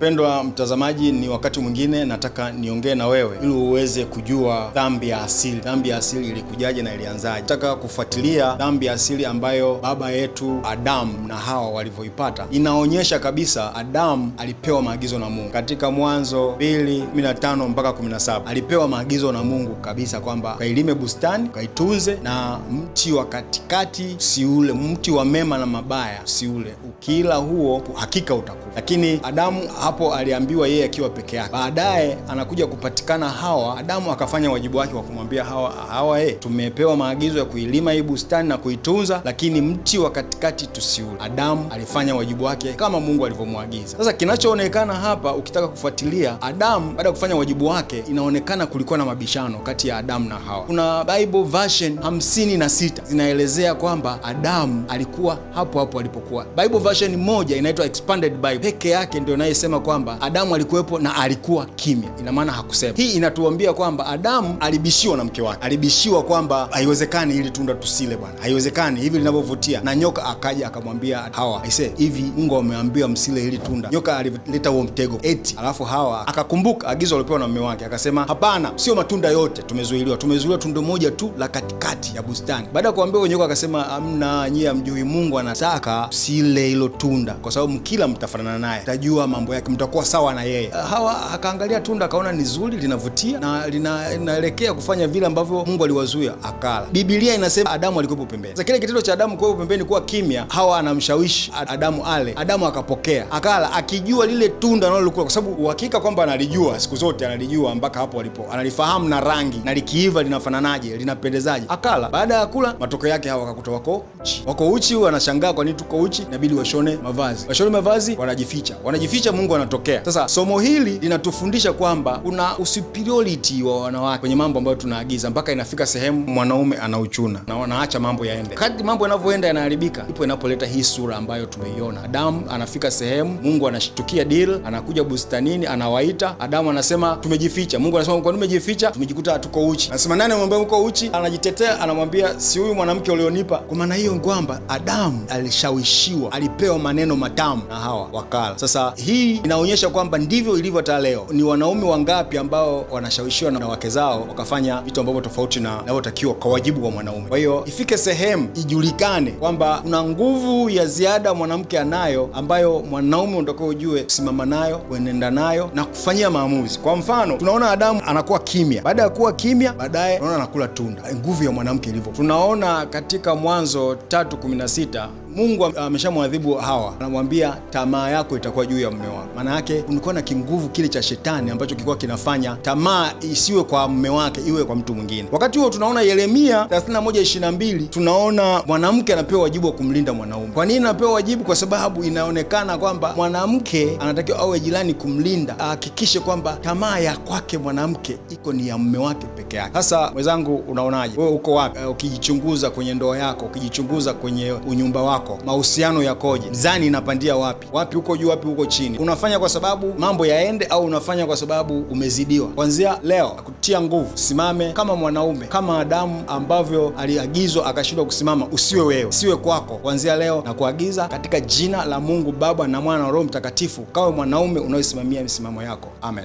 Mpendwa mtazamaji, ni wakati mwingine nataka niongee na wewe ili uweze kujua dhambi ya asili. Dhambi ya asili ilikujaje na ilianzaje? Nataka kufuatilia dhambi ya asili ambayo baba yetu Adamu na Hawa walivyoipata. Inaonyesha kabisa Adamu alipewa maagizo na Mungu katika Mwanzo 2:15 mpaka 17. Alipewa maagizo na Mungu kabisa kwamba kailime bustani, kaitunze, na mti wa katikati usiule, mti wa mema na mabaya siule ukila huo hakika utakufa lakini Adamu hapo aliambiwa yeye akiwa peke yake. Baadaye anakuja kupatikana Hawa. Adamu akafanya wajibu wake wa kumwambia Hawa, Hawa e, tumepewa maagizo ya kuilima hii bustani na kuitunza, lakini mti wa katikati tusiule. Adamu alifanya wajibu wake kama Mungu alivyomwagiza. Sasa kinachoonekana hapa, ukitaka kufuatilia Adamu baada ya kufanya wajibu wake, inaonekana kulikuwa na mabishano kati ya Adamu na Hawa. Kuna Bible version hamsini na sita zinaelezea kwamba Adamu alikuwa hapo hapo alipokuwa. Bible version moja inaitwa Expanded Bible peke yake ndio anayesema kwamba Adamu alikuwepo na alikuwa kimya. Ina maana hakusema. Hii inatuambia kwamba Adamu alibishiwa na mke wake, alibishiwa kwamba haiwezekani hili tunda tusile bwana, haiwezekani hivi linavyovutia. Na nyoka akaja akamwambia Hawa, aise, hivi Mungu ameambiwa msile hili tunda, nyoka alileta huo mtego eti. Alafu Hawa akakumbuka agizo alipewa na mume wake, akasema hapana, sio matunda yote tumezuiliwa, tumezuiliwa tundo moja tu la katikati ya bustani. Baada ya kuambiwa, nyoka akasema amna, nyie amjui Mungu, anataka sile hilo tunda kwa sababu mkila mtafanana mtaendana naye, tajua mambo yake, mtakuwa sawa na yeye. Eh, hawa akaangalia tunda akaona ni zuri, linavutia na linaelekea kufanya vile ambavyo Mungu aliwazuia, akala. Biblia inasema Adamu alikuwepo pembeni. Kile kitendo cha Adamu kuwepo pembeni, kuwa kimya, Hawa anamshawishi Adamu ale. Adamu akapokea, akala, akijua lile tunda analokula, kwa sababu uhakika kwamba analijua siku zote, analijua mpaka hapo alipo, analifahamu na rangi, na likiiva linafananaje, linapendezaje. Akala. Baada ya kula, matokeo yake Hawa akakuta wako uchi, wako uchi. Wanashangaa kwa nini tuko uchi, inabidi washone mavazi, washone mavazi wana wanajificha, wanajificha, Mungu anatokea. Sasa somo hili linatufundisha kwamba kuna usuperiority wa wanawake kwenye mambo ambayo tunaagiza, mpaka inafika sehemu mwanaume anauchuna na wanaacha mambo yaende. Kadri mambo yanavyoenda yanaharibika, ipo inapoleta hii sura ambayo tumeiona. Adamu anafika sehemu, Mungu anashtukia deal, anakuja bustanini, anawaita. Adamu anasema tumejificha, Mungu anasema kwa nini umejificha? Tumejikuta hatuko uchi. Anasema nani amwambia uko uchi? Anajitetea, anamwambia si huyu mwanamke ulionipa. Kwa maana hiyo kwamba Adamu alishawishiwa, alipewa maneno matamu na Hawa wakala. Sasa hii inaonyesha kwamba ndivyo ilivyo hata leo. Ni wanaume wangapi ambao wanashawishiwa na wake zao wakafanya vitu ambavyo tofauti na inavyotakiwa kwa wajibu wa mwanaume. Kwa hiyo ifike sehemu ijulikane kwamba kuna nguvu ya ziada mwanamke anayo ambayo mwanaume unatakiwa ujue kusimama nayo, kuenenda nayo na kufanyia maamuzi. Kwa mfano, tunaona Adamu anakuwa kimya, baada ya kuwa kimya, baadaye tunaona anakula tunda, nguvu ya mwanamke ilivyo. Tunaona katika Mwanzo 3:16 Mungu ameshamwadhibu Hawa, anamwambia tamaa yako itakuwa juu ya mume wako. Maana yake kulikuwa na kinguvu kile cha shetani ambacho kilikuwa kinafanya tamaa isiwe kwa mume wake, iwe kwa mtu mwingine. Wakati huo tunaona Yeremia 31:22 tunaona mwanamke anapewa wajibu wa kumlinda mwanaume. Kwa nini anapewa wajibu? Kwa sababu inaonekana kwamba mwanamke anatakiwa awe jirani kumlinda, ahakikishe kwamba tamaa ya kwake mwanamke iko ni ya mume wake peke yake. Sasa mwenzangu, unaonaje wewe? Uko wapi? Eh, ukijichunguza kwenye ndoa yako, ukijichunguza kwenye unyumba wako wako, mahusiano yakoje, mzani inapandia wapi, wapi huko juu, wapi huko chini. Unafanya kwa sababu mambo yaende au unafanya kwa sababu umezidiwa? Kwanzia leo kutia nguvu, simame kama mwanaume, kama Adamu ambavyo aliagizwa akashindwa kusimama. Usiwe wewe, usiwe kwako. Kwanzia leo na kuagiza katika jina la Mungu Baba na Mwana na Roho Mtakatifu, kawe mwanaume unayesimamia misimamo yako. Amen.